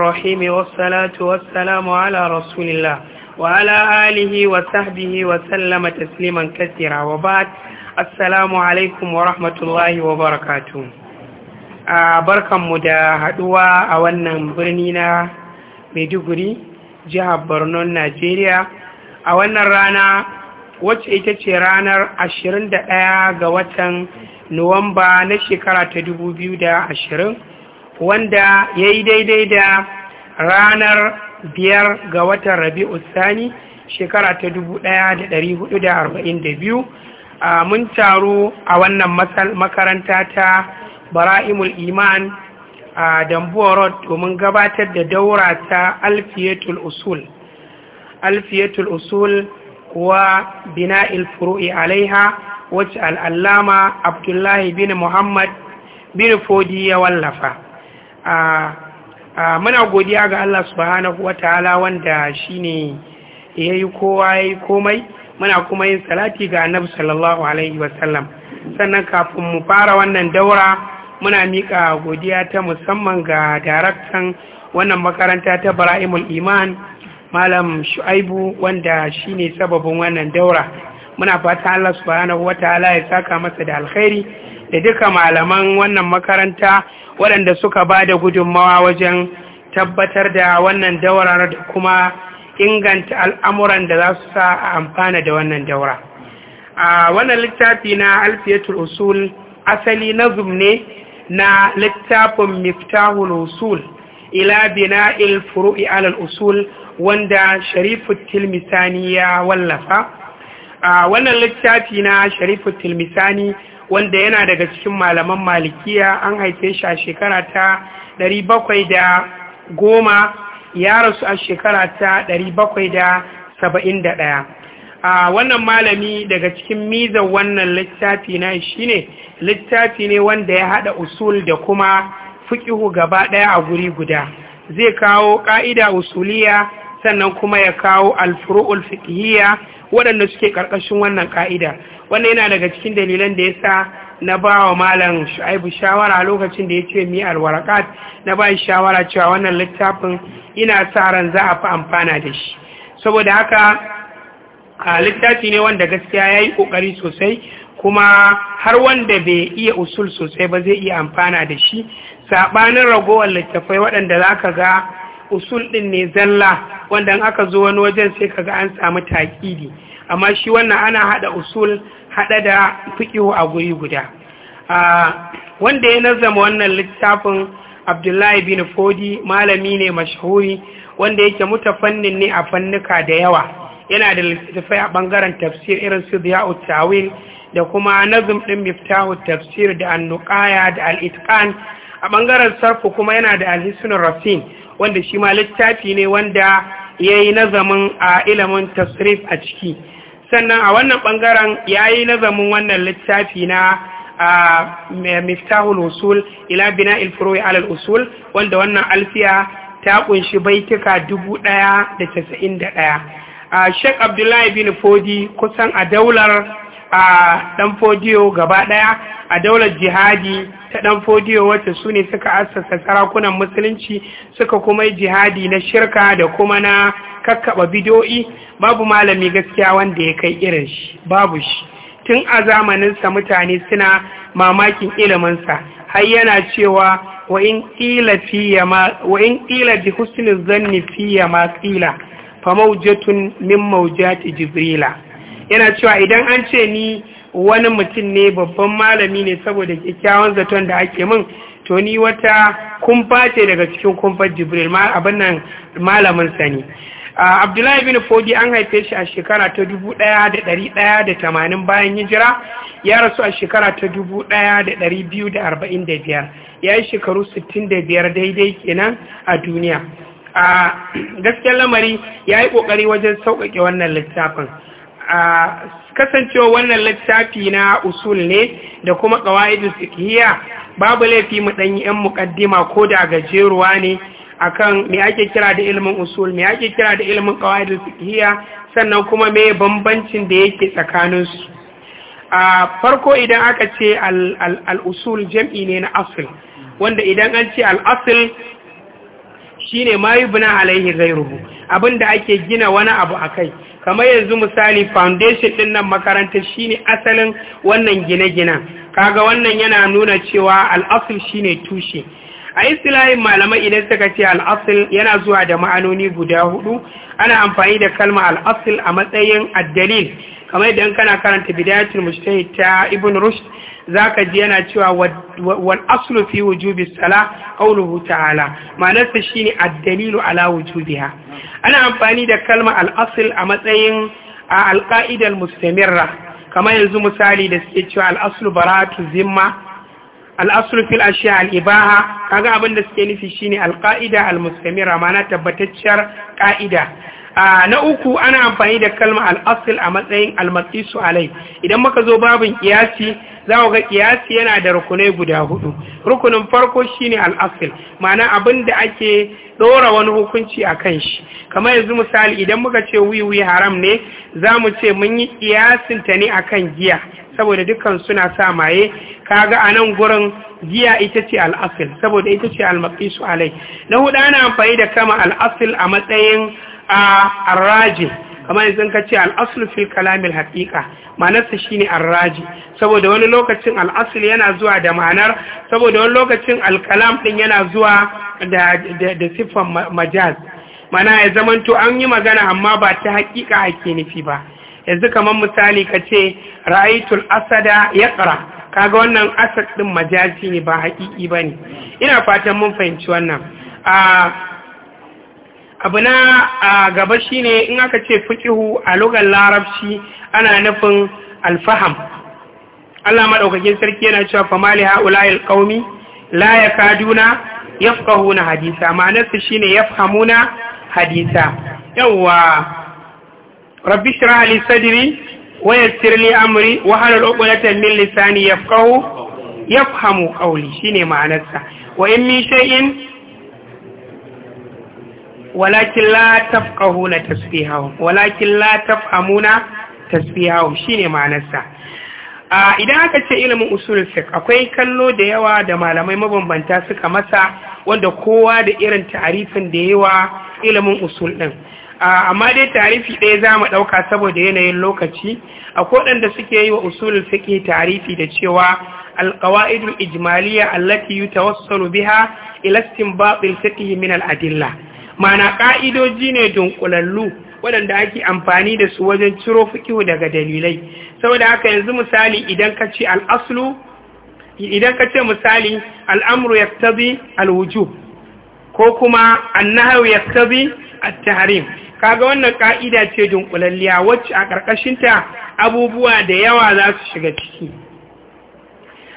الرحيم والصلاة والسلام على رسول الله وعلى آله وصحبه وسلم mu da haduwa a wannan birni na Maiduguri jihar Borno Najeriya a wannan rana wacce ita ce ranar 21 ga watan Nuwamba na shekara ta 2020 wanda ya yi daidai da ranar biyar ga watan rabi'u sani shekara ta da da biyu, mun taru a wannan makaranta ta bara'imul iman a dambuwa domin gabatar da daura ta alfiyatul usul alfiyatul usul wa bina ilfuru'i alaiha wacce al'allama abdullahi bin muhammad bin fodi ya wallafa a muna godiya ga Allah subhanahu wa ta'ala wanda shi ne ya yi kowa ya yi komai muna kuma yin salati ga Annabi sallallahu alaihi wasallam sannan kafin mu fara wannan daura muna miƙa godiya ta musamman ga daraktan wannan makaranta ta Bara'imul Iman Malam Shu'aibu wanda shi ne sababin wannan daura muna fata Allah subhanahu wa ta'ala ya saka masa da alkhairi da duka malaman wannan makaranta waɗanda suka ba da gudunmawa wajen tabbatar da wannan daurar da kuma inganta al'amuran da za su sa a amfana da wannan daura. A wannan littafi na alfiyatul usul asali na ne na littafin miftahul usul ila Bina'il furu'i alal usul wanda Sharifut tilmisani ya wallafa. A wannan littafi na sharifu tilmisani wanda yana daga cikin malaman malikiya an haife shi a shekara ta 710 ya rasu a shekara ta 771 a wannan malami daga cikin mizan wannan littafi na shi ne littafi ne wanda ya haɗa usul da kuma fikihu gaba ɗaya a guri guda zai kawo ƙa'ida usuliya sannan kuma ya kawo alfuru'ul fiqhiyya waɗanda suke ƙarƙashin wannan ƙa'ida wannan yana daga cikin dalilan da ya sa na ba wa malam shu'aibu shawara lokacin da ya ce mi alwarakat na ba shawara cewa wannan littafin ina sa ran za a fi amfana da shi saboda haka a littafi ne wanda gaskiya ya yi ƙoƙari sosai kuma har wanda bai iya usul sosai ba zai iya amfana da shi saɓanin ragowar littafai waɗanda za ka ga usul ɗin ne zalla wanda aka zo wani wajen sai ka ga an samu taƙidi amma shi wannan ana haɗa usul haɗa da fikihu a guri guda wanda ya nazama wannan littafin abdullahi bin fodi malami ne mashahuri wanda yake muta fannin ne a fannuka da yawa yana da littattafai a ɓangaren tafsir irin su ziya'u tawil da kuma nazum ɗin miftahu tafsir da annuƙaya da al'itkan a ɓangaren sarfu kuma yana da alhissun rasin wanda shi ma littafi ne wanda ya yi nazamin a ilimin tasrif a ciki sannan a wannan bangaren yayi nazamin wannan littafi na miftahul usul ila bina'il furu'i alal usul wanda wannan alfiya ta kunshi baituka 1091 Sheikh Abdullahi bin Fodi kusan a daular a ɗan fodiyo gaba ɗaya a daular jihadi ta ɗan fodiyo wacce su ne suka assasa sarakunan musulunci suka kuma yi jihadi na shirka da kuma na kakkaɓa bidoyi babu malami gaskiya wanda ya kai irin shi babu shi tun a zamaninsa mutane suna mamakin iliminsa har yana cewa wa in ƙila bi husnin zanni fiye ma ƙila fa maujatun min maujati jibrila yana cewa idan an ce ni wani mutum ne babban malami ne saboda kyakkyawan zaton da ake min to ni wata kumfa ce daga cikin kumfar jibril ma abin nan malamin sani abdullahi bin fogi an haife shi a shekara ta dubu ɗaya da dari ɗaya da tamanin bayan hijira ya rasu a shekara ta dubu ɗaya da dari biyu da arba'in da biyar ya yi shekaru sittin da biyar daidai kenan a duniya a gaskiyar lamari ya yi ƙoƙari wajen sauƙaƙe wannan littafin kasancewa wannan littafi na usul ne da kuma ƙawa'idun fiqhiyya babu laifi mu ɗanyi 'yan muƙaddima ko da gajeruwa ne a kan me ake kira da ilimin usul me ake kira da ilimin qawaidul fiqhiyya sannan kuma me bambancin da yake tsakaninsu a farko idan aka ce al'usul jam'i ne na asl wanda idan an ce al asl shine ma bina alaihi rubu abinda ake gina wani abu a kai. kamar yanzu misali foundation din nan makarantar shine asalin wannan gine-ginen kaga wannan yana nuna cewa al'asul shine tushe a istilahin malamai idan suka ce al'asul yana zuwa da ma'anoni guda hudu ana amfani da kalma al'asul a matsayin addalil kamar idan kana karanta bidayatul mujtahid ta ibn rushd zaka ji yana cewa wal aslu fi wujubi salah qawluhu ta'ala ma'anarsa shine ad-dalilu ala wujubiha ana amfani da kalma al-asl a matsayin al-qa'ida al-mustamirra kamar yanzu misali da suke cewa al-aslu baratu zimma al-aslu fil ashiya al-ibaha kaga abin da suke nufi shine al-qa'ida al-mustamirra ma'ana tabbatacciyar qa'ida na uku ana amfani da kalma al'asil a matsayin almatsisu alai idan muka zo babin kiyasi za ku ga kiyasi yana da rukunai guda hudu rukunin farko shine al'asil mana abin da ake ɗora wani hukunci a kan shi kamar yanzu misali idan muka ce wiwi haram ne za mu ce mun yi ƙiyasinta ne a kan giya saboda dukkan suna sa maye kaga a nan gurin giya ita ce al'asil saboda ita ce almasisu alai na hudu ana amfani da kama al'asil a matsayin a arraji kamar yanzu ka ce al'asul fil kalamil haqiqa ma'anarsa shine arraji saboda wani lokacin al'asul yana zuwa da ma'anar saboda wani lokacin alkalam din yana zuwa da da siffan majaz mana ya zamanto an yi magana amma ba ta haƙiƙa ake nufi ba yanzu kamar misali ka ce ra'aitul asada yaqra kaga wannan asad din majazi ne ba haƙiƙi bane ina fatan mun fahimci wannan a abu na a gaba ne in aka ce fiƙihu a lugar larabci ana nufin alfaham Allah maɗaukakin sarki yana cewa fa mali Kaduna ya la yakaduna na hadisa ma'anarsa shine yafhamuna hadisa yawwa rabbi shrah li sadri wa yassir li amri wa halal uqdatan min lisani fahamu ƙauli shi ne ma'anarsa wa in min shay'in walakin la na tasbihahum walakin la na tasbihahum shine ma'anarsa idan aka ce ilimin usulun fiqh akwai kallo da yawa da malamai mabambanta suka masa wanda kowa da irin ta'arifin da yawa ilimin usul din amma dai tarifi ɗaya za mu ɗauka saboda yanayin lokaci a waɗanda suke yi wa usulul fiqh tarifi da cewa alqawaidul ijmaliyya allati tawassalu biha ila istinbat al-fiqh min al-adilla mana ƙa'idoji ne dunkulallu waɗanda ake amfani da su wajen ciro fikihu daga dalilai saboda haka yanzu misali idan ka ce al'aslu idan ka ce misali al'amru ya tabi alwuju ko kuma annahau ya tabi at-tahrim kaga wannan ka'ida ce dunkulalliya wacce a ƙarƙashinta abubuwa da yawa za su shiga ciki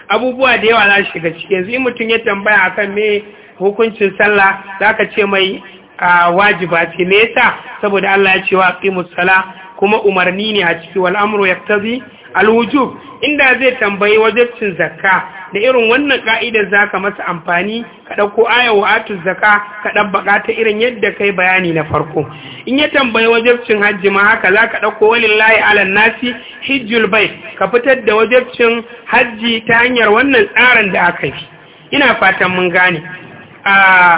abubuwa da yawa za su shiga ciki yanzu in mutum ya tambaya akan me hukuncin sallah zaka ce mai A wajiba ce me yasa saboda Allah ya ce wa qimus sala kuma umarni ne a cikin wal amru yaktazi al wujub inda zai tambayi wajibcin zakka da irin wannan ka'idar zaka masa amfani ka dauko ayatu atuz zakka ka dabbaka ta irin yadda kai bayani na farko in ya tambayi wajibcin hajji ma haka zaka dauko walillahi ala nasi hijjul bait ka fitar da wajibcin hajji ta hanyar wannan tsarin da aka yi ina fatan mun gane a ah,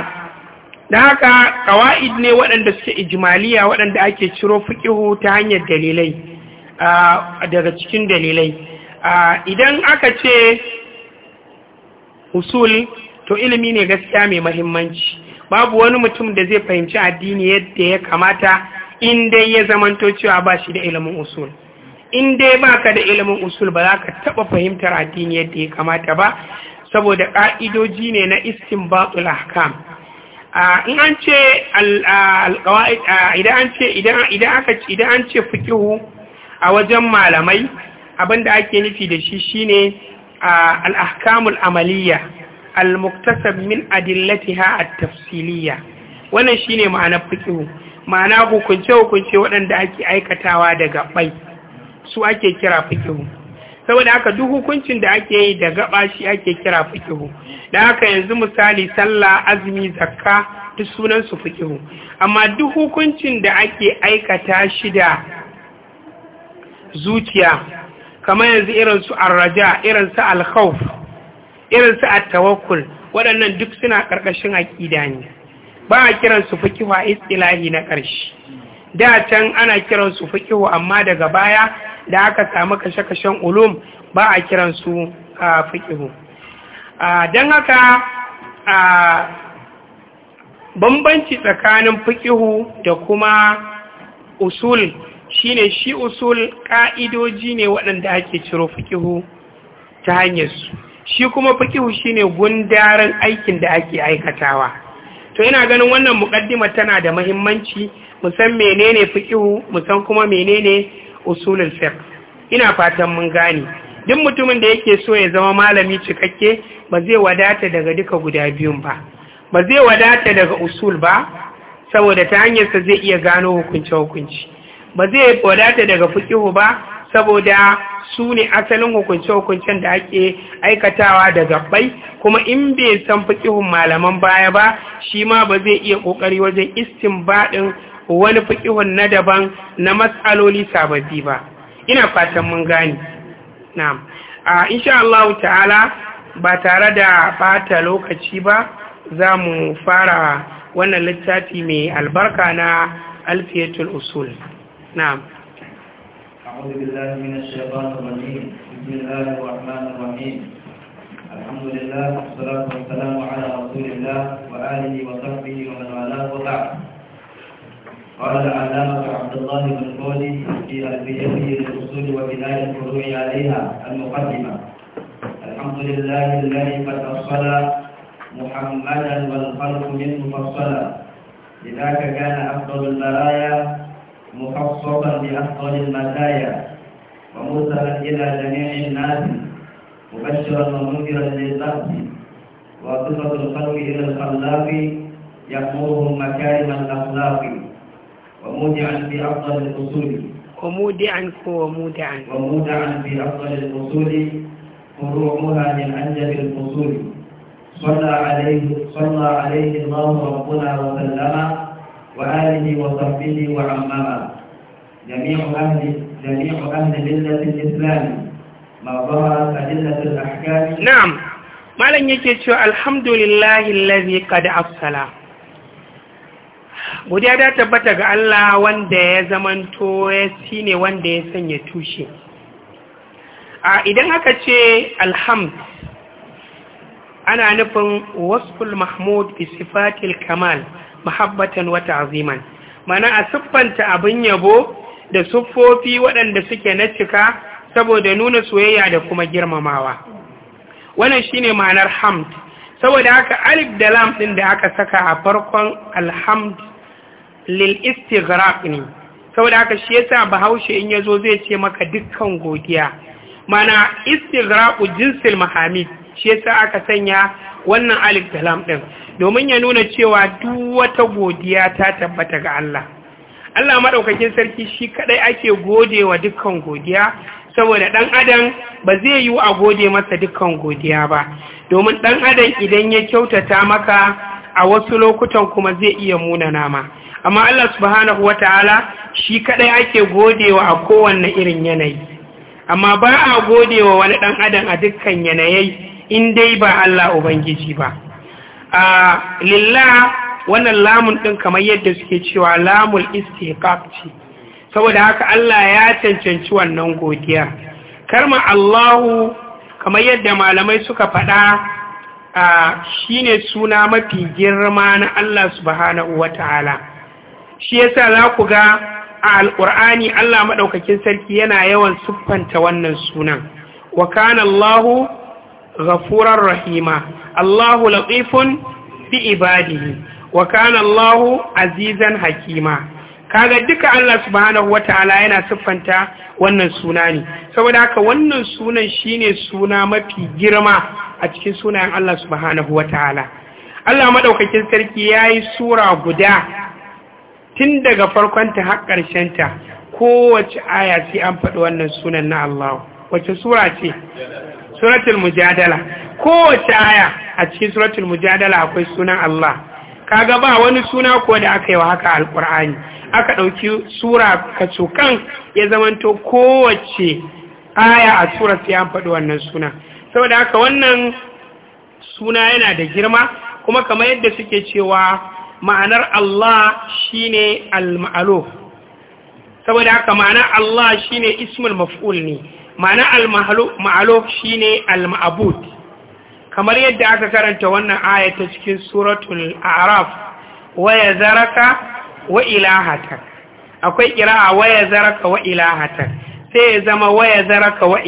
da haka ƙawa'id ne waɗanda suke ijimaliya waɗanda ake ciro fiƙihu ta hanyar dalilai daga cikin dalilai idan aka ce usul to ilimi ne gaskiya mai mahimmanci babu wani mutum da zai fahimci addini yadda ya kamata in dai ya zamanto cewa ba shi da ilimin usul in dai baka da ilimin usul ba za ka taɓa fahimtar addini yadda ya kamata ba saboda ƙa'idoji ne na batul ahkam Ah, in an ce ah, ah, idan ce idan a wajen malamai abinda ake nufi da shi shine ne alahkamul amaliyya al-muktasab min adillatiha at tafsiliya wannan shine ma'anar fiƙihu, ma'ana hukunce hukunce waɗanda ake aikatawa da gabai su ake kira fiƙihu. saboda haka duk hukuncin da ake yi da gaba shi ake kira fikihu da haka yanzu misali sallah azumi zakka duk sunan su fikihu amma duk hukuncin da ake aikata shi da zuciya kamar yanzu irin su arraja irin su alkhawf irin su at-tawakkul waɗannan duk suna ƙarƙashin aqida ne ba a kiran su fikihu a istilahi na ƙarshe da can ana kiran su fikihu amma daga baya da aka samu kashe-kashen ulum ba a kiran su fikihu don haka a bambanci tsakanin fikihu da kuma usul shine shi usul ƙa'idoji ne waɗanda ake ciro fikihu ta hanyarsu shi kuma fikihu shine gundaren aikin da ake aikatawa to yana ganin wannan mukaddima tana da mahimmanci musan menene fikihu musan kuma menene usulul fiqh ina fatan mun gane duk mutumin da yake so ya zama malami cikakke ba zai wadata daga duka guda biyun ba ba zai wadata daga usul ba saboda ta hanyarsa zai iya gano hukunci hukunci ba zai wadata daga fikihu ba saboda su ne asalin hukunce-hukuncen da ake aikatawa da gabbai kuma in bai san fikihun malaman baya ba shi ma ba zai iya kokari wajen baɗin wani fikihun na daban na matsaloli sababbi ba ina fatan mun gane na'am a insha Allah ta'ala ba tare da bata lokaci ba za mu fara wannan littafi mai albarka na alfiyatul usul na'am أعوذ بالله من الشيطان الرجيم بسم الله الرحمن الرحيم الحمد لله والصلاة والسلام على رسول الله وآله وصحبه ومن والاه وبعد قال العلامة عبد الله بن فودي في ألفيته للأصول وبداية الفروع عليها المقدمة الحمد لله الذي قد أصل محمدا والخلق منه فصلا لذاك كان أفضل البرايا مخصصا بأفضل المزايا ومرسلا إلى جميع الناس مبشرا ومنكرا للناس وصفة الخلق إلى الخلاق يأمرهم مكارم الأخلاق ومودعا في أفضل الأصول ومودعا ومودعا ومودعا في أفضل الأصول فروعها من أنجب الأصول صلى عليه صلى عليه الله ربنا وسلم وآله وصحبه وعمامه جميع أهل جميع أهل ملة الإسلام ما ظهرت أدلة الأحكام نعم ما لن يجد الحمد لله الذي قد أصلى godiya da tabbata ga Allah wanda ya zamanto ya ne wanda ya sanya tushe a idan aka ce alhamd ana nufin wasful mahmud bi sifatil kamal mahabbatan wata ta'ziman mana a siffanta abin yabo da siffofi waɗanda suke na cika saboda nuna soyayya da kuma girmamawa wannan shine ma'anar hamd saboda haka alif da lam ɗin da aka saka a farkon alhamd lil istighraq ne saboda haka shi yasa bahaushe in yazo zai ce maka dukkan godiya mana istighraqu jinsil mahamid shi yasa aka sanya wannan alif da lam din domin ya nuna cewa duk wata godiya ta tabbata ga Allah Allah madaukakin sarki shi kadai ake godewa dukkan godiya saboda dan adam ba zai yi a gode masa dukkan godiya ba domin dan adam idan ya kyautata maka a wasu lokutan kuma zai iya munana ma amma Allah subhanahu ta'ala shi kadai ake godewa a kowanne irin yanayi amma ba a godewa wani dan adam a dukkan yanayi in dai ba Allah ubangiji ba a lillah wannan lamun din kamar yadda suke cewa lamul istiqaq ce saboda haka Allah ya cancanci wannan godiya karma Allahu kamar yadda malamai suka faɗa shine suna mafi girma na Allah subhanahu wata'ala shi yasa za ku ga a alƙur'ani Allah maɗaukakin sarki yana yawan siffanta wannan sunan wa kana Allahu ghafurar rahima Allahu laqifun fi ibadihi wa kana Allahu azizan hakima kaga duka Allah subhanahu wa ta'ala yana siffanta wannan suna ne saboda haka wannan sunan shi ne suna mafi girma a cikin sunayen Allah subhanahu wa ta'ala. Allah maɗaukakin sarki ya yi sura guda tun daga farkonta har ta, kowace aya sai an faɗi wannan sunan na Allah wace sura ce suratul mujadala kowace aya a cikin suratul mujadala akwai sunan Allah kaga ba wani suna ko da aka yi wa haka alkur'ani aka ɗauki sura kacokan ya zamanto kowace aya a sura sai an faɗi wannan suna saboda haka wannan suna yana da girma kuma kamar yadda suke cewa ma'anar Allah ne al-ma'luf saboda haka ma'anar Allah ne ismul maf'ul ne ma'anar al shi shine al maabud kamar yadda aka karanta wannan aya ta cikin suratul a'raf waya zaraka wa akwai qira'a waya zaraka wa sai ya zama waya zaraka wa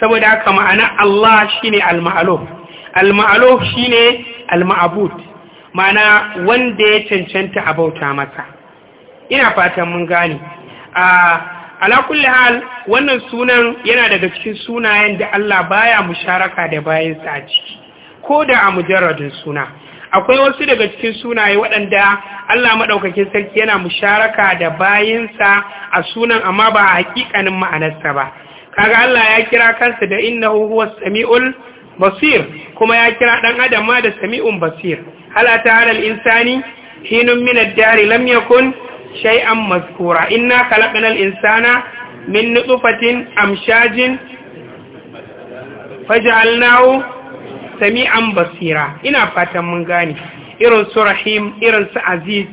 saboda haka ma'anar Allah ne al-ma'luf al shi shine al-ma'bud mana wanda ya cancanta a bauta masa ina fatan mun gane A alakulli hal wannan sunan yana daga cikin sunayen da Allah baya musharaka da bayansa a ciki ko da a mujarradin suna akwai wasu daga cikin sunaye waɗanda Allah maɗaukakin sarki yana musharaka da bayansa a sunan amma ba a haƙiƙanin ma'anarsa ba kaga Allah ya kira kansa da innahu huwa sami'ul basir kuma ya kira ɗan adam ma da sami'un basir hala ta al-insani hinun min ad-dari lam yakun shay'an maskura inna khalaqnal insana min nutsufatin amshajin faj'alnahu sami'an basira ina fatan mun gane irin su rahim irin su aziz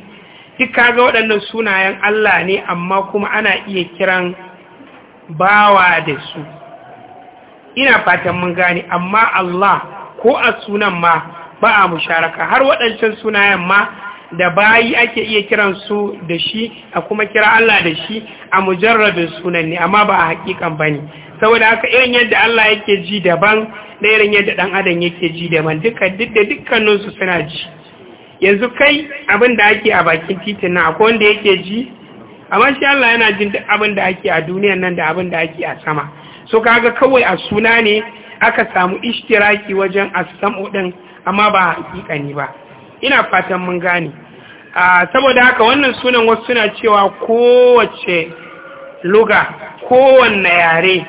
duk kaga waɗannan sunayen Allah ne amma kuma ana iya kiran bawa da su ina fatan mun gane amma Allah ko a sunan ma ba a musharaka har waɗancan sunayen ma da bayi ake iya kiran su da shi a kuma kira Allah da shi a mujarrabin sunan ne amma ba a hakikan ne. saboda haka irin yadda Allah yake ji daban da irin yadda ɗan adam yake ji daban duka duk da dukkanin suna ji yanzu kai abin da ake a bakin titin na, akwai wanda yake ji amma shi Allah yana jin duk abin da ake a duniyar nan da abin da ake a sama so kaga kawai a suna ne aka samu ishtiraki wajen a samu din amma ba hakikani ba ina fatan mun gane saboda haka wannan sunan wasu suna cewa kowace luga kowanne yare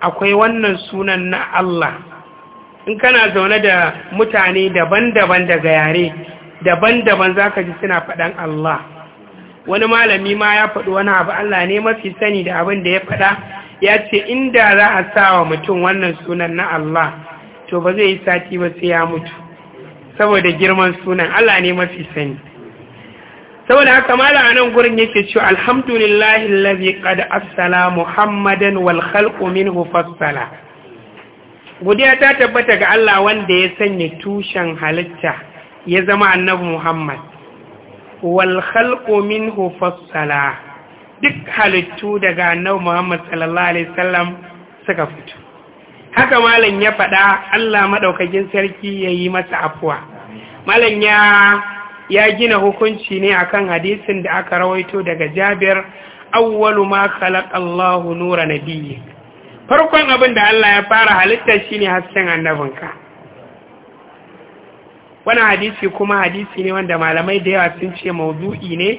akwai wannan sunan na Allah in kana zaune da mutane daban-daban daga yare daban-daban zaka ji suna faɗan Allah wani malami ma ya faɗi wani abu Allah ne mafi sani da abin da ya faɗa ya ce inda za a sa wa mutum wannan sunan na Allah to ba zai yi sati ba sai ya mutu saboda girman sunan Allah ne mafi sani saboda haka mala a nan gurin yake cewa alhamdulillahi lazi qad asala, muhammadan wal khalqu minhu godiya ta tabbata ga Allah wanda ya sanya tushen halitta ya zama annabi muhammad wal khalqu minhu duk halittu daga annabi Muhammad sallallahu alaihi wasallam suka fito haka malam ya faɗa Allah madaukakin sarki yayi masa afuwa malam ya ya gina hukunci ne akan hadisin da aka rawaito daga Jabir awwalu ma khalaq Allahu nura nabiyyi farkon abin da Allah ya fara halitta shine hasken annabinka wannan hadisi kuma hadisi ne wanda malamai da yawa sun ce mawdu'i ne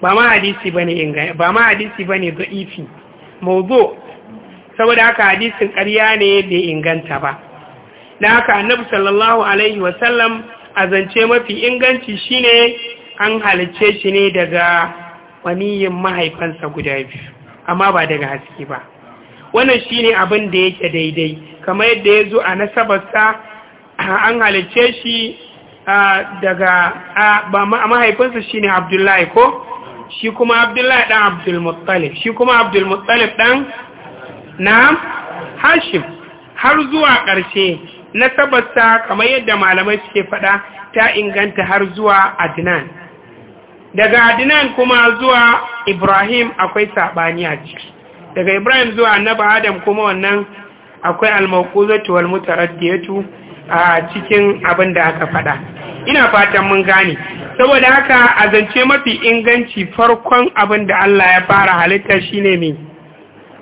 ba ma hadisi bane ba ma hadisi bane saboda haka hadisin ƙarya ne bai inganta ba da haka annabi sallallahu alaihi wa sallam azance mafi inganci shi ne an halice shi ne daga waniyin mahaifansa guda biyu amma ba daga haske ba wannan shine abin da yake daidai kamar yadda ya zo a nasabarsa an halice shi daga mahaifinsa ne abdullahi ko shi kuma abdullahi ɗan abdulmuttalif shi kuma abdulmuttalif ɗan na hashim har zuwa ƙarshe na tabbata kamar yadda malamai suke faɗa ta inganta har zuwa adnan daga adnan kuma zuwa ibrahim akwai saɓani a ciki daga ibrahim zuwa annaba adam kuma wannan akwai almakuzatu ya tu a cikin abin da aka faɗa ina fatan mun gane saboda haka a zance mafi inganci farkon abin da Allah ya fara halitta shine mai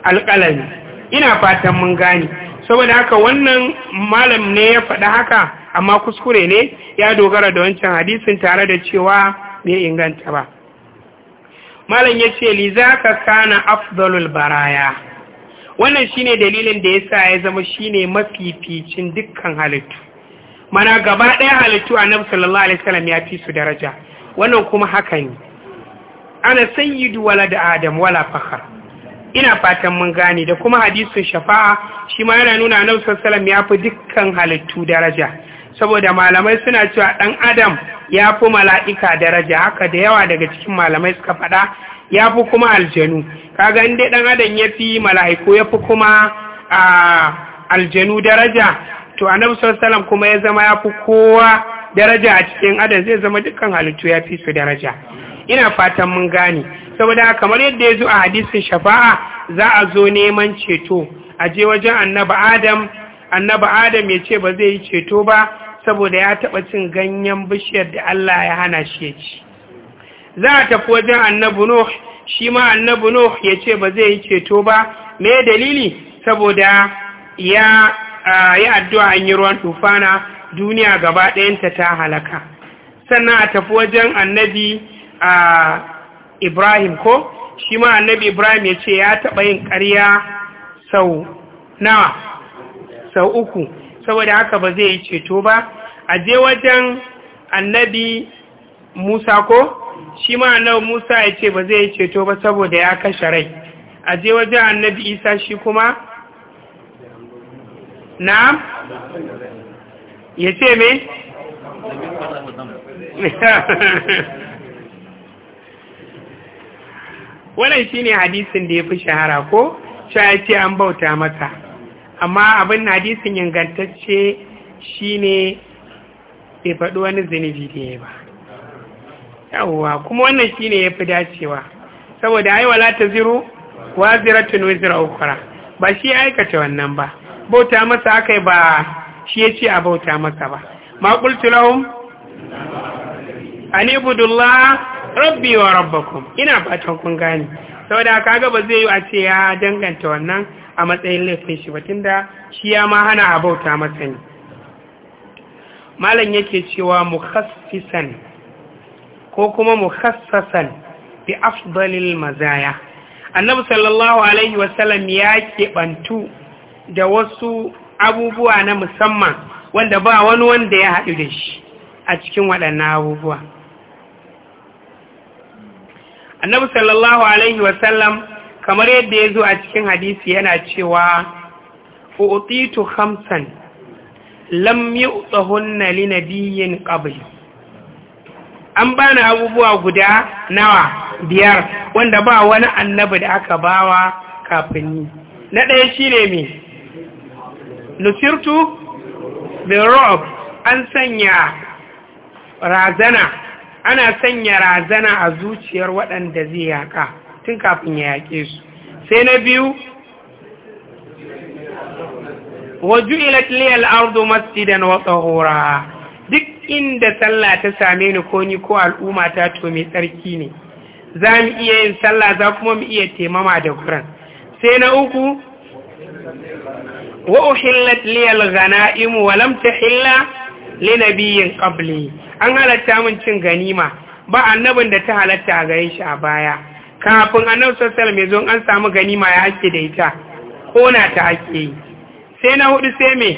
alƙalami ina fatan mun gane saboda haka wannan malam ne ya faɗa haka amma kuskure ne ya dogara da wancan hadisin tare da cewa bai inganta ba malam ya ce li kana afdalul baraya wannan shine dalilin da yasa ya zama shine mafificin dukkan halittu mana gaba ɗaya halittu nafi sallallahu alaihi wasallam ya fi su daraja wannan kuma haka ne ana yi duwala da adam wala fahar ina fatan mun gane da kuma hadisin shafa'a shi ma yana nuna nafi sallallahu ya fi dukkan halittu daraja saboda malamai suna cewa ɗan adam ya fi mala'ika daraja haka da yawa daga cikin malamai suka faɗa ya fi kuma aljanu kaga inda ɗan adam ya fi mala'iku ya fi kuma ah, aljanu daraja to annabi sallallahu kuma ya zama ya fi kowa daraja a cikin adam zai zama dukkan halittu ya fi su daraja ina fatan mun gane saboda kamar yadda ya zo a hadisin shafa'a za a zo neman ceto a je wajen annabi adam annabi adam ya ce ba zai yi ceto ba saboda ya taba cin ganyen bishiyar da Allah ya hana shi ya ci za a tafi wajen annabi nuh shi ma annabi nuh ya ce ba zai yi ceto ba me dalili saboda ya yi addu'a an yi ruwan tufana duniya gaba ɗayanta ta halaka sannan a tafi wajen annabi a ibrahim ko shi ma annabi ibrahim ya ce ya taɓa yin ƙarya sau nawa sau uku saboda haka ba zai yi ceto ba a je wajen annabi musa ko shi ma annabi musa ya ce ba zai yi ceto ba saboda ya kashe rai a je wajen annabi isa shi kuma na'am ya ce me wannan shine hadisin da ya fi shahara ko ya ce an bauta mata amma abin hadisin ingantacce shine bai faɗi wani zunubi da ya ba kuma wannan shine ya fi dacewa saboda aiwala ta ziro wa ziratun wizira ukura ba shi aikata wannan ba bauta masa aka ba shi ya ce a bauta masa ba maƙultu lahum an ibudullah rabbi wa rabbakum ina fatan kun gane saboda kaga ba zai yi a ce ya danganta wannan a matsayin laifin shi ba tunda shi ya ma hana a bauta masa ne malam yake cewa mukhassisan ko kuma mukhassasan bi afdalil mazaya annabi sallallahu alaihi wasallam ya keɓantu da wasu abubuwa na musamman wanda ba wani wanda ya haɗu da shi a cikin waɗannan abubuwa annabi sallallahu alaihi wasallam kamar yadda ya zo a cikin hadisi yana cewa utitu khamsan lam yu'tahunna li nabiyyin qabli an bani abubuwa guda nawa biyar wanda ba wani annabi da aka bawa kafin ni na ɗaya shine me nusirtu birob an sanya razana ana sanya razana a zuciyar waɗanda zai yaƙa tun kafin ya yaƙe su sai na biyu waju ilatliyar ardu masjidan wata hora duk inda sallah ta same ni ko ni ko al'umma ta to mai tsarki ne za mu iya yin sallah za kuma mu iya taimama da kuran sai na uku wa uhillat liyal ghanaim wa lam tahilla li nabiyyin qabli an halatta min cin ganima ba annabin da ta halatta a gare shi a baya kafin annabi sallallahu alaihi wasallam an samu ganima ya ake da ita ko na ta ake sai na hudu sai me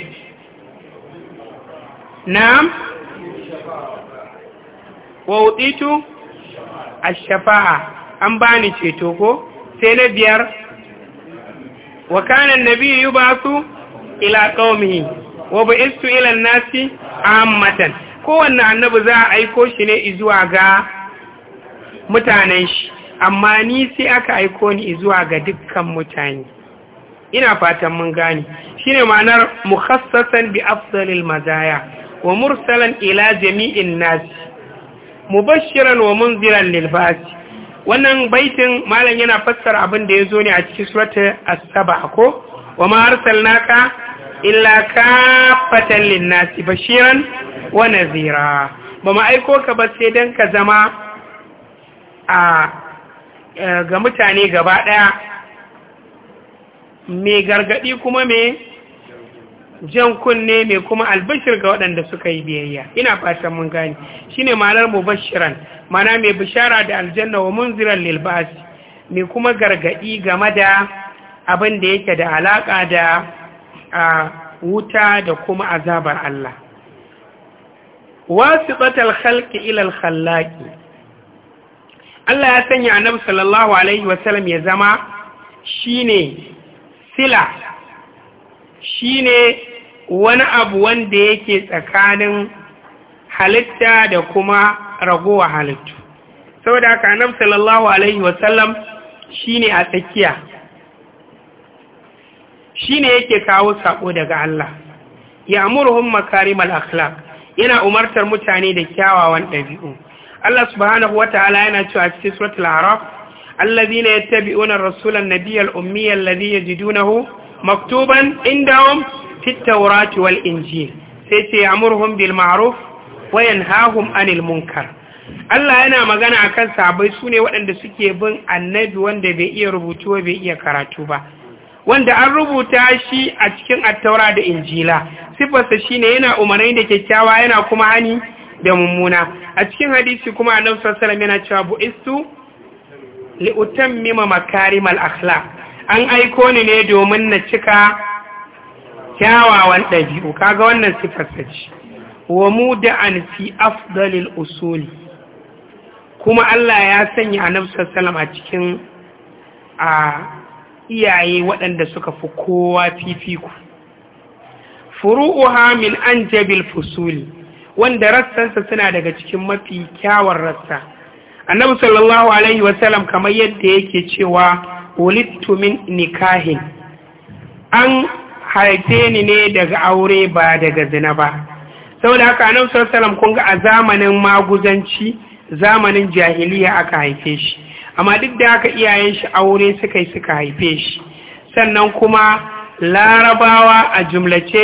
na'am wa uditu ash-shafa'a an bani ceto ko sai na biyar wa kana an-nabiyyu yubathu ila qaumihi wa istu ila nasi ammatan kowanne annabi za a aiko shi ne zuwa ga mutanen shi amma ni sai aka aiko ni zuwa ga dukkan mutane ina fatan mun gane shine ma'anar mukhassasan bi afdalil mazaya wa mursalan ila jami'in nasi mubashiran wa munziran lil fasi wannan baitin malam yana fassara abin da yazo ne a cikin surata as-saba ko wa ma arsalnaka illa ka kafatan linnasi bashiran wa nazira ba ma aiko ka ba sai dan ka zama a e, ga mutane gaba ɗaya mai gargadi kuma mai jan kunne mai kuma albashir ga waɗanda suka yi biyayya ina fatan mun gani shine ma'anar bashiran mana mai bishara da aljanna wa munziran lil mai kuma gargaɗi game da abin da yake da alaƙa da a wuta da kuma azabar Allah wasu batal halki ilal khallaqi Allah ya sanya Annabi sallallahu alaihi wasallam ya zama shi ne sila shi ne wani abu wanda yake tsakanin halitta da kuma ragowa halittu Sau da haka Annabi sallallahu alaihi wasallam ne a tsakiya shine yake kawo sako daga Allah ya makarimal akhlaq yana umartar mutane da kyawawan ɗabi'u Allah subhanahu wataala yana cewa cikin suratul araf allazina yattabi'una ar-rasulan nabiyyal ummiyal ladhi yajidunahu maktuban indahum fit tawrati wal injil sai ce ya'muruhum bil ma'ruf wa yanhahum anil munkar Allah yana magana akan sabai sune waɗanda suke bin annabi wanda bai iya rubutu bai iya karatu ba wanda an rubuta shi a cikin attaura da injila sifarsa ne yana umarni da kyakkyawa yana kuma hani da mummuna a cikin hadisi kuma a nausar salam yana cewa bu'istu li'utan mima makarimal akhlaq an aiko ni ne domin na cika kyawawan dabi'u kaga wannan sifarsa ce wa mu an fi afdalil usuli kuma Allah ya sanya a sallallahu salam a cikin a iyaye waɗanda suka fi kowa fifiku furu'uha min jabil fusuli wanda rassansa suna daga cikin mafi kyawar rassa annabi sallallahu alaihi wasallam kamar yadda yake cewa wulittu min nikahin an haife ni ne daga aure ba daga zina ba saboda haka annabi sallallahu alaihi wasallam kun ga a zamanin maguzanci zamanin jahiliya aka haife shi amma duk da haka iyayen shi aure suka yi suka haife shi sannan kuma larabawa a jumlace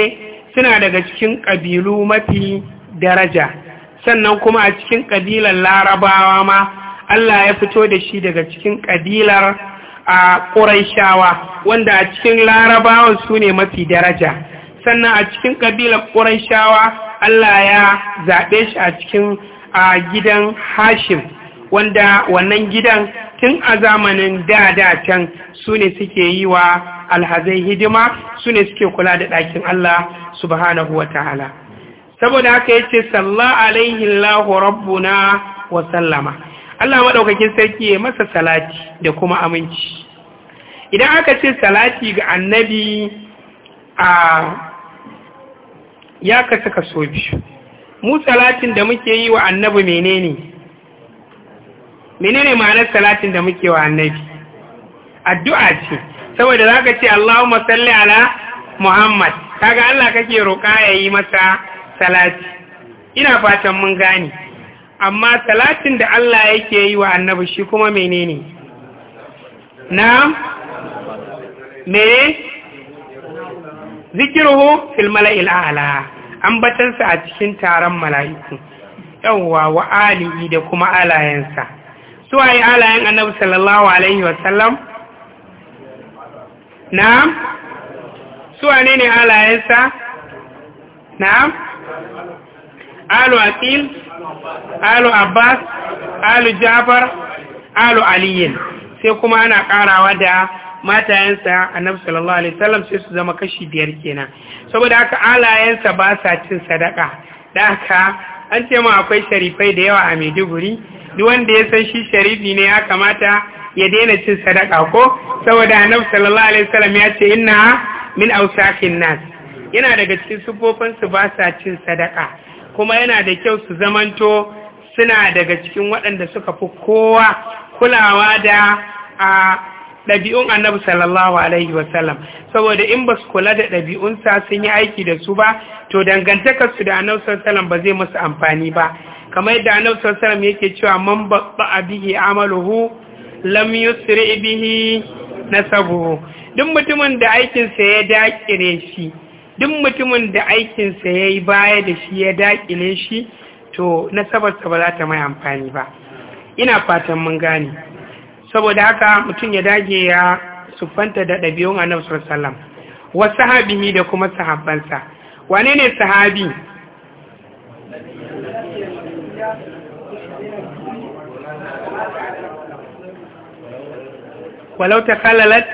suna daga cikin ƙabilu mafi daraja sannan kuma a cikin ƙabilar larabawa ma Allah ya fito da shi daga cikin ƙabilar a ƙuraishawa wanda a cikin larabawa su ne mafi daraja sannan a cikin ƙabilar ƙuraishawa Allah ya zaɓe shi a cikin a gidan hashim wanda wannan gidan tun a zamanin da can su ne suke yi wa alhazai hidima su ne suke kula da ɗakin Allah subhanahu wa ta'ala saboda haka ya ce salla alaihi lahu rabbuna wa sallama Allah maɗaukakin sarki ya masa salati da kuma aminci idan aka ce salati ga annabi a ya kasa kaso biyu mu salatin da muke yi wa annabi menene menene ma'anar salatin da muke wa annabi addu'a ce saboda zaka ce Allahumma salli ala Muhammad kaga Allah kake roƙa yayi masa salati ina fatan mun gane amma salatin da Allah yake yi wa annabi shi kuma menene na'am me zikiruhu fil mala'il a'la ambatansa a cikin taron mala'iku yawwa wa alihi da kuma alayensa su waye alayen annabi sallallahu alaihi wasallam na'am su wane ne alayensa na'am alu aqil alu abbas alu jafar alu aliyin sai kuma ana karawa da matayensa annabi sallallahu alaihi wasallam sai su zama kashi biyar kenan saboda haka alayensa ba sa cin sadaka da haka an ce ma akwai sharifai da yawa a Maiduguri duk wanda ya san shi sharifi ne ya kamata ya daina cin sadaka ko saboda annabi sallallahu alaihi wasallam ya ce inna min awsaqin nas yana daga cikin sufofin su ba sa cin sadaka kuma yana da kyau su zamanto suna daga cikin waɗanda suka fi kowa kulawa da a ɗabi'un annabi sallallahu alaihi wasallam saboda in ba su kula da ɗabi'unsa sun yi aiki da su ba to dangantakarsu da annabi sallallahu alaihi wasallam ba zai musu amfani ba kamar yadda annabi sallallahu alaihi wasallam yake cewa man babba bihi amaluhu lam yusri bihi nasabuhu duk mutumin da aikinsa ya dakire shi duk mutumin da aikinsa ya yi baya da shi ya dakile shi to nasabarsa ba za ta mai amfani ba ina fatan mun gane saboda haka mutum ya dage ya sufanta da ɗabi'un annabi sallallahu alaihi wasallam wa da kuma sahabbansa wane ne sahabi walau ta kalalat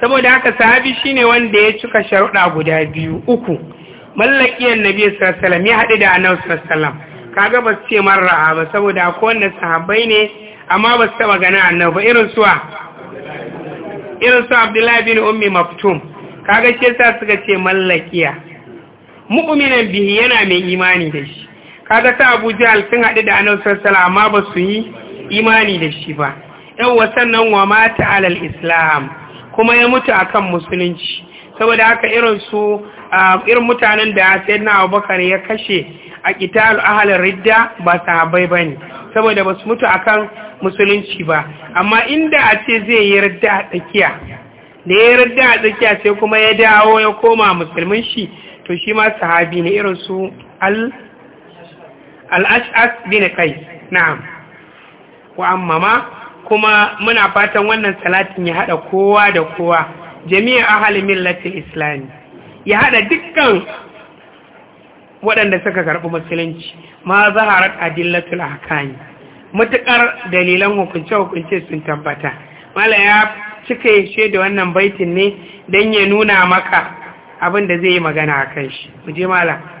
saboda haka sahabi shine wanda ya cika sharuɗa guda biyu uku mallakiyar nabi sallallahu alaihi ya haɗu da annabi sallallahu alaihi kaga ba su ce marra ba saboda akwai wanda sahabbai ne amma ba su taɓa ganin annabi ba irin suwa irin su abdullahi bin ummi maftum kaga shi yasa suka ce mallakiya mu'minan bihi yana mai imani da shi kaga ta abu al sun haɗu da annabi sallallahu alaihi amma ba su yi imani da shi ba yawwa sannan wa mata alal islam kuma ya mutu akan musulunci saboda haka irin su irin mutanen da sayyidina abubakar ya kashe a qitalu ahlul ridda ba sahabbai bane saboda basu mutu akan musulunci ba amma inda a ce zai yi ridda a tsakiya da ya ridda a tsakiya sai kuma ya dawo ya koma musulmin shi to shi ma sahabi ne irin su al-ash'as bin qais na'am wa amma ma kuma muna fatan wannan salatin ya haɗa kowa da kowa jami'in ahalin millatin islami ya haɗa dukkan waɗanda suka karɓi musulunci ma zaharar adillatul hakani matuƙar dalilan hukunce-hukunce sun tabbata mala ya cika yashe da wannan baitin ne don ya nuna maka abin da zai yi magana a kan shi kuje mala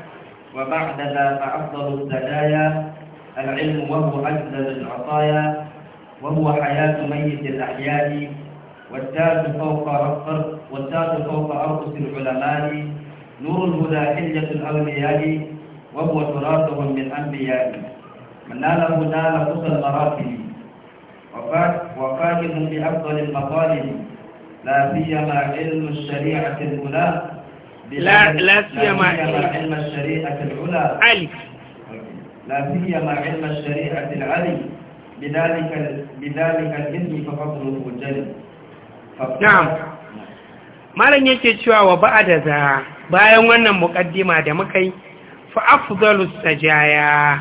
وبعد ذا فأفضل الزدايا العلم وهو أجزل العطايا وهو حياة ميت الأحياء والتاج فوق رفر والتاج فوق أرقص العلماء نور الهدى حجة الأولياء وهو تراثهم من أنبياء من ناله نال قصى المراتب وقائم بأفضل المطالب لا سيما علم الشريعة الأولى لا لا سيما علم الشريعة العلى علي لا سيما علم الشريعة العلي بذلك بذلك الاسم ففضله جل نعم malam yake cewa wa ba'da za bayan wannan muqaddima da muka yi fa afdalu sajaya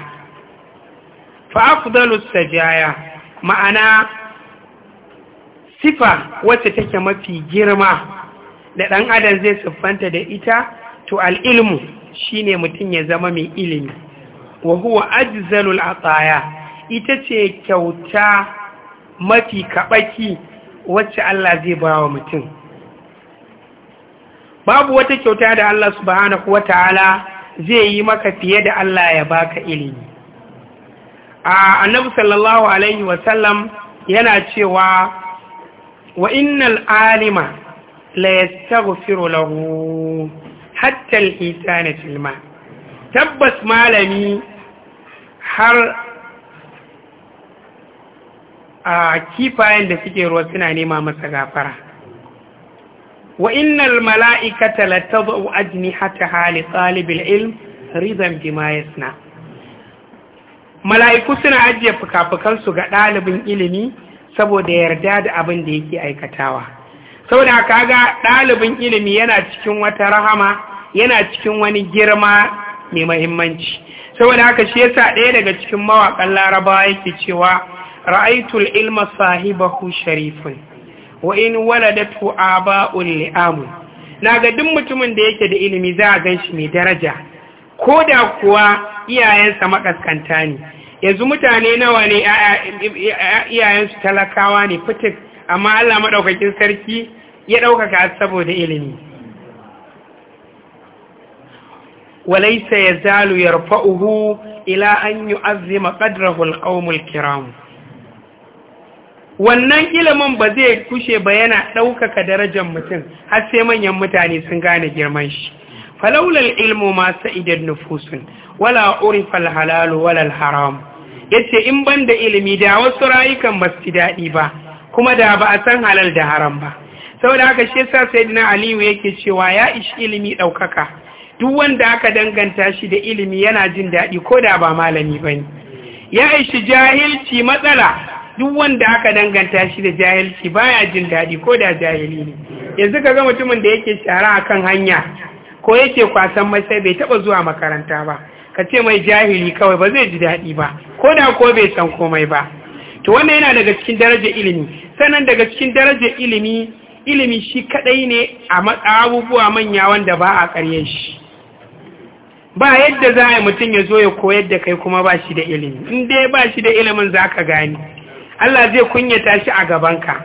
fa afdalu sajaya ma'ana sifa wacce take mafi girma da ɗan adam zai siffanta da ita to al al'ilmu shine mutum ya zama mai ilimi wa huwa ajzalul ataya ita ce kyauta mafi kaɓaki wacce Allah zai ba wa mutum babu wata kyauta da Allah subhanahu wa ta'ala zai yi maka fiye da Allah ya baka ilimi a annabu sallallahu alaihi wasallam yana cewa wa innal alima la yastaghfiru lahu hatta al-hitana filma tabbas malami har a kifayen da suke ruwa suna nema masa gafara wa innal mala'ikata latadhu ajnihata hali talibil ilm ridan bima yasna mala'iku suna ajiye su ga ɗalibin ilimi saboda yarda da abin da yake aikatawa saboda kaga ɗalibin ilimi yana cikin wata rahama yana cikin wani girma mai mahimmanci saboda haka shi yasa ɗaya daga cikin mawakan larabawa yake cewa ra'aitul ilma sahibahu sharifun wa in waladatu aba'un na naga duk mutumin da yake da ilimi za a ganshi mai daraja ko da kuwa iyayensa makaskanta ne yanzu mutane nawa ne iyayensu talakawa ne fitik amma Allah maɗaukakin sarki ya ɗaukaka saboda ilimi walaisa ya zalu ya rufa'uhu ila an yu'azzima azima ƙadrahul ƙaumul kiramu wannan ilimin ba zai kushe ba yana ɗaukaka darajar mutum har sai manyan mutane sun gane girman shi falaulal ilmu masu idan nufusun wala urifal halalu wala haram Ya ce in ban da ilimi da wasu rayukan ba su daɗi ba kuma da ba a san halal da haram ba saboda haka shi sa sai dina aliyu yake cewa ya ishi ilimi ɗaukaka duk wanda aka danganta shi da ilimi yana jin daɗi ko da ba malami bane ya ishi jahilci matsala duk wanda aka danganta shi da jahilci baya jin daɗi ko da jahili ne yanzu ka ga mutumin da yake shara a kan hanya ko yake kwasan masai bai taɓa zuwa makaranta ba ka ce mai jahili kawai ba zai ji daɗi ba ko da ko bai san komai ba to wannan yana daga cikin darajar ilimi sannan daga cikin darajar ilimi ilimi shi kaɗai ne a abubuwa manya wanda ba a ƙarye shi ba yadda za a yi mutum ya zo ya koyar da kai kuma ba shi da ilimi in dai ba shi da ilimin za ka gani Allah zai kunyata shi a gabanka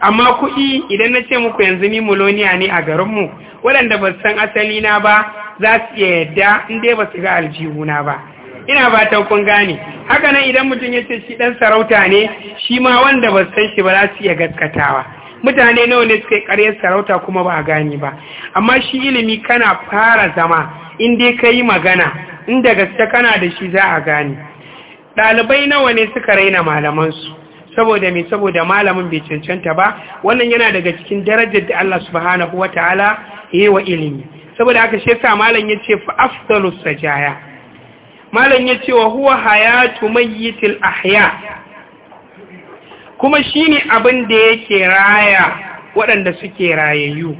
amma kuɗi idan na ce muku yanzu ni muloniya ne a garinmu waɗanda ba san asali na ba za su iya yadda in dai ba su ga aljihu na ba ina ta kun gane haka nan idan mutum ya ce shi ɗan sarauta ne shi ma wanda ba san shi ba za su iya gaskatawa mutane nawa ne suka yi ƙaryar sarauta kuma ba a gane ba amma shi ilimi kana fara zama in dai ka yi magana in da gaske kana da shi za a gane ɗalibai nawa ne suka raina malamansu saboda me saboda malamin bai cancanta ba wannan yana daga cikin darajar da Allah subhanahu wataala yi wa ilimi saboda haka shi sa, malam ya ce, fa afdalus sajaya malam ya yace wa huwa hayatu mayyitil ahya kuma shi ne abin da yake raya waɗanda suke rayayyu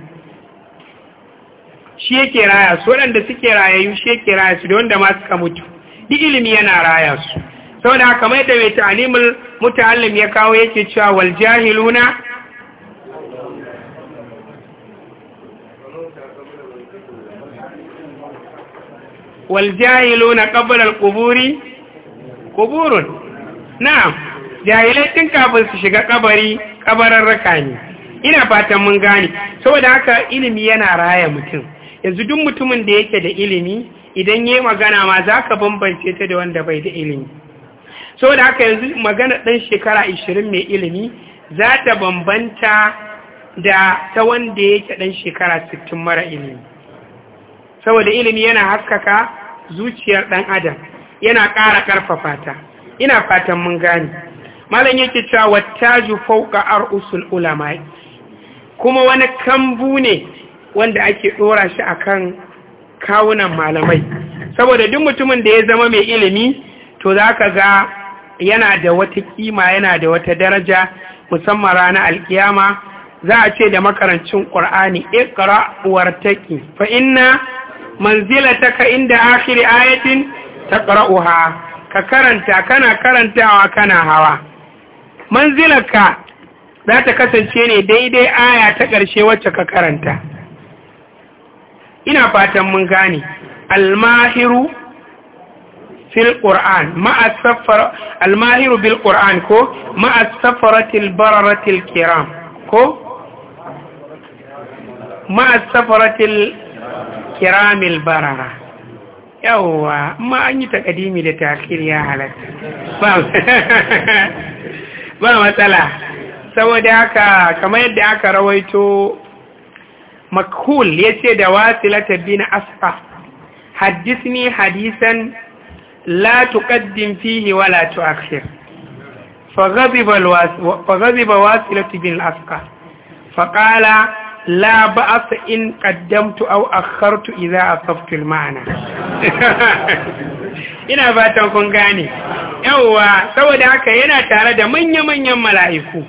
shi yake raya su waɗanda suke rayayyu shi yake raya su da wanda ma suka mutu duk ilimi yana raya su saboda kamar da mai ta'alimul muta'allim ya kawo yake cewa wal jahiluna wal jahiluna qabla al quburi quburun na'am jahilai tun kafin su shiga kabari kabarar rakani ina fatan mun gane saboda haka ilimi yana raya mutum yanzu duk mutumin da yake da ilimi idan yayi magana ma zaka bambance ta da wanda bai da ilimi So da haka yanzu magana ɗan shekara ashirin mai ilimi za ta bambanta da ta wanda yake ɗan shekara sittin mara ilimi saboda ilimi yana haskaka zuciyar ɗan adam yana ƙara ƙarfafa ta ina fatan mun gane malam yake cewa wattaju fawqa ar'usul ulama kuma wani kambu ne wanda ake ɗora shi a kan kawunan malamai saboda duk mutumin da ya zama mai ilimi to za ka ga yana da wata kima yana da wata daraja musamman ranar alkiyama za a ce da makarancin ƙur'ani ikra wartaki fa inna manzilataka inda akhir ayatin taqra'uha ka karanta kana karantawa kana hawa manzilaka za ta kasance ne daidai aya ta ƙarshe wacce ka karanta ina fatan mun gane almahiru fil qur'an ma'a safara al-mahir bil qur'an ko ma'a safaratil bararatil kiram ko ma'a safaratil kiramil barara yawwa ma an yi takadimi da takir ya halatta ba matsala saboda haka kamar yadda aka rawaito ya ce da wasilata bin asfa haddisni hadisan لا تقدم فيه ولا تؤخر فغضب, الواس... فغضب واسلة بن الأسقى فقال لا بأس إن قدمت أو أخرت إذا أصبت المعنى ina fatan kun gane yawwa saboda haka yana tare da manya-manyan mala'iku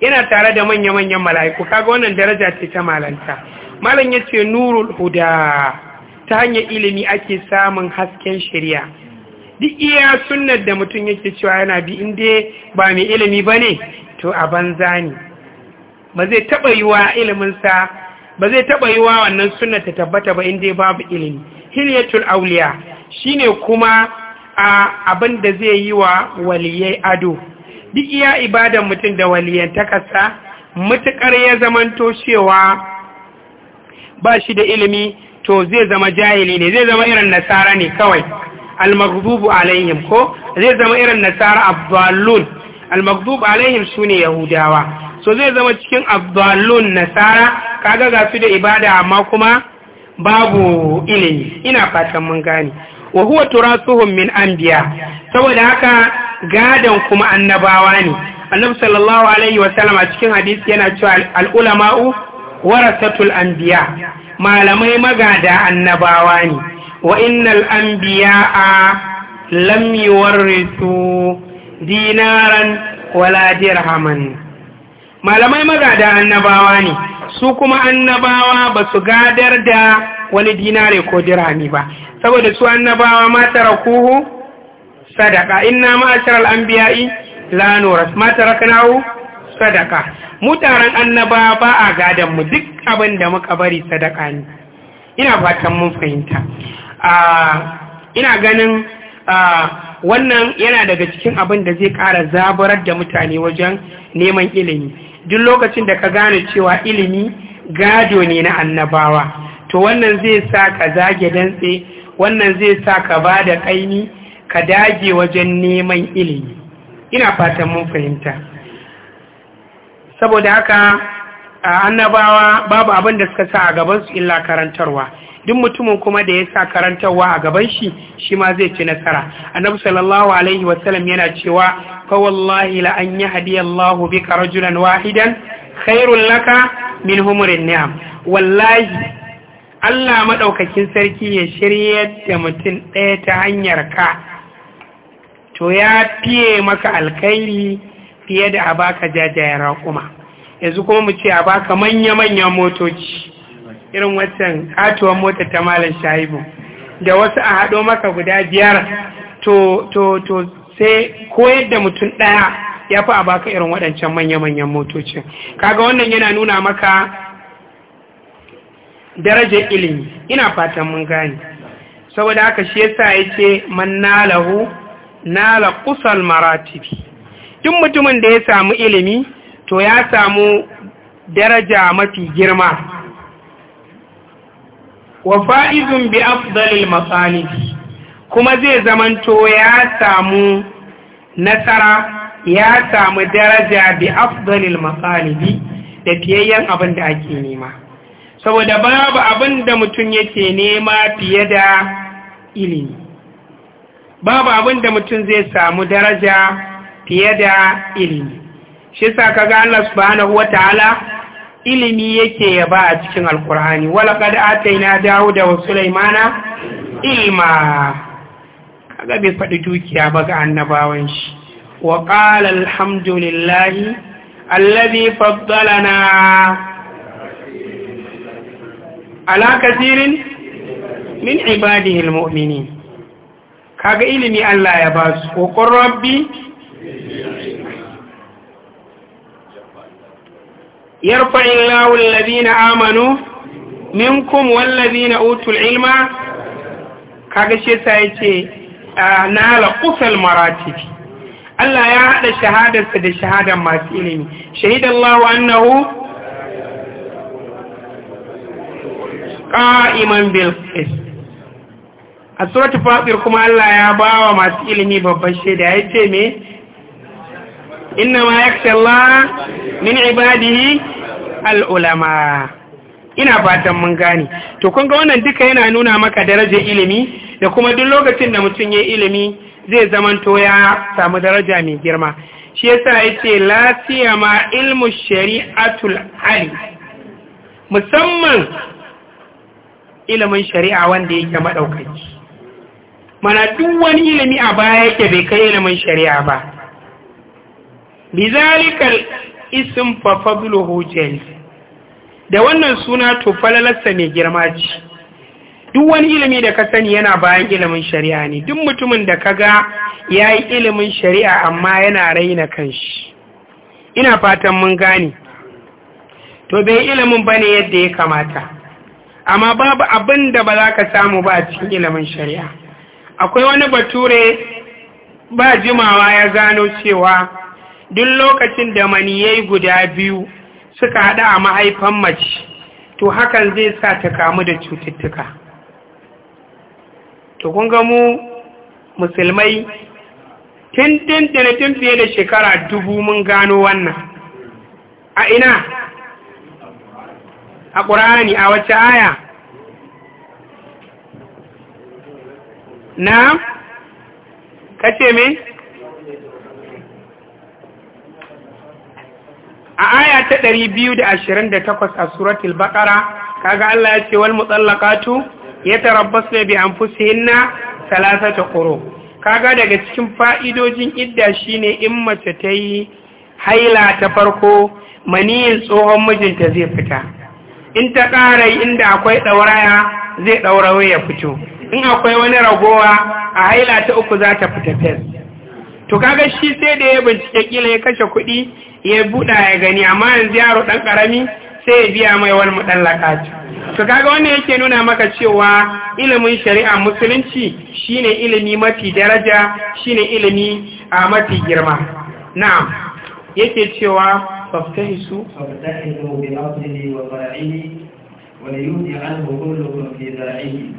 yana tare da manya-manyan mala'iku kaga wannan daraja ce ta malanta malam yace nurul huda ta hanyar ilimi ake samun hasken shari'a duk iya sunnar da mutum yake cewa yana bi inda ba mai ilimi ba ne to a banza ne ba zai taɓa yi wa iliminsa ba zai taɓa yi wa wannan sunnar ta tabbata ba inda babu ilimi hilyatul auliya shi ne kuma a abin da zai yi wa waliyai ado duk iya ibadan mutum da takasa, matuƙar ya zamanto cewa ba shi da ilimi to zai zama jahili ne zai zama irin nasara ne kawai al-maghdubu alaihim ko zai zama irin nasara abdallun al alaihim sune yahudawa so zai zama cikin abdallun nasara kaga ga su da ibada amma kuma babu ilimi ina fatan mun gane wa huwa turasuhum min anbiya saboda haka gadan kuma annabawa ne annabi sallallahu alaihi wa sallam a cikin hadisi yana cewa al-ulama'u warasatul anbiya malamai magada annabawa ne wa innal a lam Risu dinaran wala dirhaman malamai magada annabawa ne su kuma annabawa ba su gadar da wani dinare ko dirhami ba saboda su annabawa mata tarakuhu sadaka inna ma'asharal anbiya'i la nuras mata taraknahu sadaka mutaren annaba ba a gadon mu duk abin da muka bari sadaka ne ina fatan mun fahimta ina ganin wannan yana daga cikin abin da zai ƙara zabarar da mutane wajen neman ilimi duk lokacin da ka gane cewa ilimi gado ne na annabawa to wannan zai sa ka zage dantse wannan zai sa ka ba da ƙaimi ka dage wajen neman ilimi ina fatan mun fahimta saboda haka annabawa babu abin da suka sa a gabansu illa karantarwa duk mutumin kuma da ya sa karantarwa a gaban shi shi ma zai ci nasara annabi sallallahu alaihi wasallam yana cewa fa wallahi la an yahdi Allah bika rajulan wahidan khairul laka min humurin ni'am wallahi Allah madaukakin sarki ya shirye da mutum ɗaya ta hanyar ka to ya fiye maka alkhairi fiye da a baka jajayen raƙuma yanzu kuma mu ce a baka manya-manyan motoci irin wancan katuwar mota ta malam shaibu da wasu a haɗo maka guda biyar to to sai koyar da mutum ɗaya ya fi a baka irin waɗancan manya-manyan motocin kaga wannan yana nuna maka darajar ilimi ina fatan mun gani saboda haka shi yasa yake man nalahu nala kusal maratibi duk mutumin da ya samu ilimi to ya samu daraja mafi girma wa fa'izun bi afdalil kuma zai zamanto ya samu nasara ya samu daraja bi afdalil matsali da fiyayyen abin da ake nema saboda babu abin da mutum yake nema fiye da ilimi babu abin da mutum zai samu daraja fiye da ilimi shi sa ga Allah subhanahu ta'ala ilimi yake ya ba a cikin alkur'ani wala na dawo da wa sulaimana ilma kaga bai faɗi dukiya ba ga annabawan shi wa qala alhamdulillahi alladhi faddalana ala min ibadihi kaga ilimi Allah ya ba su rabbi يرفع الله الذين آمنوا منكم والذين أوتوا العلم kaga shi ta yace nala qusal maratib Allah ya hada shahadarsa da shahadan masu ilimi shahidallahu annahu qa'iman a suratul fatir kuma Allah ya bawa masu ilimi babban shaida yace me Inna ya kashe Allah min ibadihi al’ulama ina fatan mun gane to kun ga wannan duka yana nuna maka darajar ilimi da kuma duk lokacin da mutum ya ilimi zai to ya samu daraja mai girma shi yasa yace lafiya ma ilmu shari'atul ali musamman ilimin shari'a wanda yake madaukaki mana duk wani ilimi a baya yake bai kai ilimin shari'a ba bizalikal isim fa fadluhu da wannan suna to falalarsa mai girma ce duk wani ilimi da ka sani yana bayan ilimin shari'a ne duk mutumin da ka ga ya yi ilimin shari'a amma yana raina kanshi ina fatan mun gane to bai ilimin ba ne yadda ya kamata amma babu abin da ba za ka samu ba cikin ilimin shari'a akwai wani bature ba jimawa ya gano cewa duk lokacin da maniyai guda biyu suka haɗu a mahaifan mace to hakan zai sa ta kamu da cututtuka to kun ga mu musulmai tun tun fiye da shekara dubu mun gano wannan a ina a ƙurani a wace aya na kace me? a aya ta takwas a suratul baqara kaga Allah ya ce wal mutallaqatu yatarabbasna bi anfusihinna thalathata quru kaga daga cikin fa'idojin idda shine in mace ta yi haila ta farko maniyin tsohon mijinta zai fita in ta ƙara inda akwai ɗauraya zai ɗaurawa ya fito in akwai wani ragowa a haila ta uku za ta fita fes to kaga shi sai da ya bincike kila ya kashe kuɗi ya buɗa ya gani amma yanzu yaro ɗan ƙarami sai ya biya mai wani lakaci. to kaga wannan yake nuna maka cewa ilimin shari'a musulunci shine ilimi mafi daraja shine ilimi a mafi girma na'am yake cewa faftahisu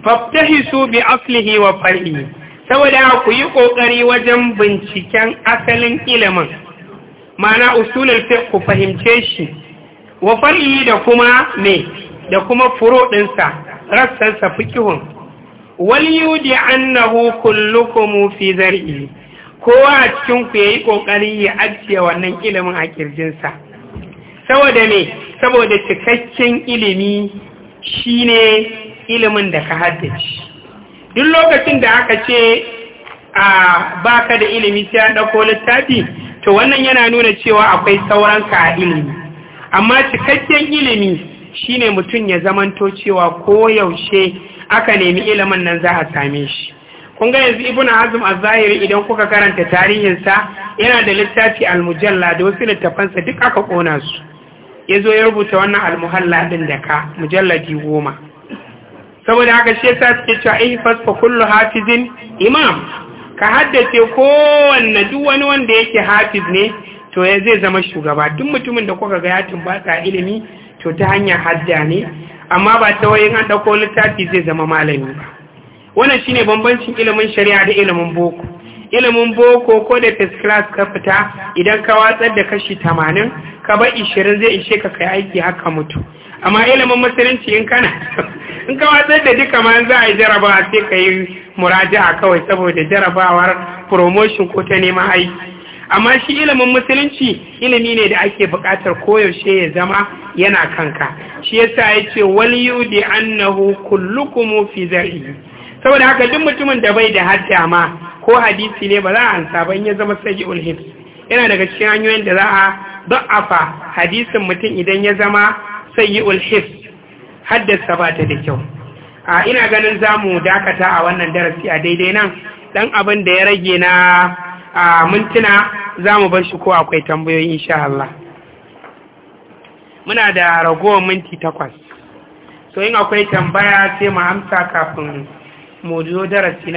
faftahisu bi aslihi wa far'i saboda ku yi kokari wajen binciken asalin ilimin ma'ana usulul fiqh ku fahimce shi wa far'i da kuma me da kuma furo ɗinsa sa fikihun wal yudi annahu kullukum fi zar'i kowa a cikin ku yayi kokari ya ajiye wannan ilimin a kirjinsa saboda me saboda cikakken ilimi shine ilimin da ka haddace duk lokacin da aka ce a baka da ilimi sai a ɗauko littafi to wannan yana nuna cewa akwai sauran ka a ilimi amma cikakken ilimi shine mutum ya zamanto cewa ko yaushe aka nemi ilimin nan za a same shi kun ga yanzu ibnu azum az-zahiri idan kuka karanta tarihin sa yana da littafi al-mujalla da wasu littafansa duk aka kona su yazo ya rubuta wannan al-muhalla din da ka mujalladi goma saboda haka shi yasa suke cewa ihfas fa kullu hafizin imam ka haddace kowanne duk wani wanda yake hafiz ne to ya zai zama shugaba duk mutumin da kuka ga ya tumbatsa ilimi to ta hanyar hadda ne amma ba ta wayin an dauko littafi zai zama malami ba wannan shine bambancin ilimin shari'a da ilimin boko ilimin boko ko da first class ka fita idan ka watsar da kashi tamanin, ka bar ishirin zai ishe ka kai aiki haka mutu amma ilimin musulunci in kana in ka watsar da duka ma za a yi jarabawa sai ka yi muraja'a kawai saboda jarabawar promotion ko ta neman aiki amma shi ilimin musulunci ilimi ne da ake bukatar koyaushe ya zama yana kanka shi yasa ya ce waliyu da annahu kullukumu fi zar'i saboda haka duk mutumin da bai da hadda ma ko hadisi ne ba za a ansa ban ya zama sa'i ul hibs yana daga cikin hanyoyin da za a da'afa hadisin mutum idan ya zama sayi hif haddasa ba ta da kyau a ina ganin za mu dakata a wannan darasi a daidai nan dan abin da ya rage na a mintuna mu bar shi ko akwai tambayoyi insha Allah muna da ragowar minti takwas so in akwai tambaya sai mu amsa kafin mu zo darasi na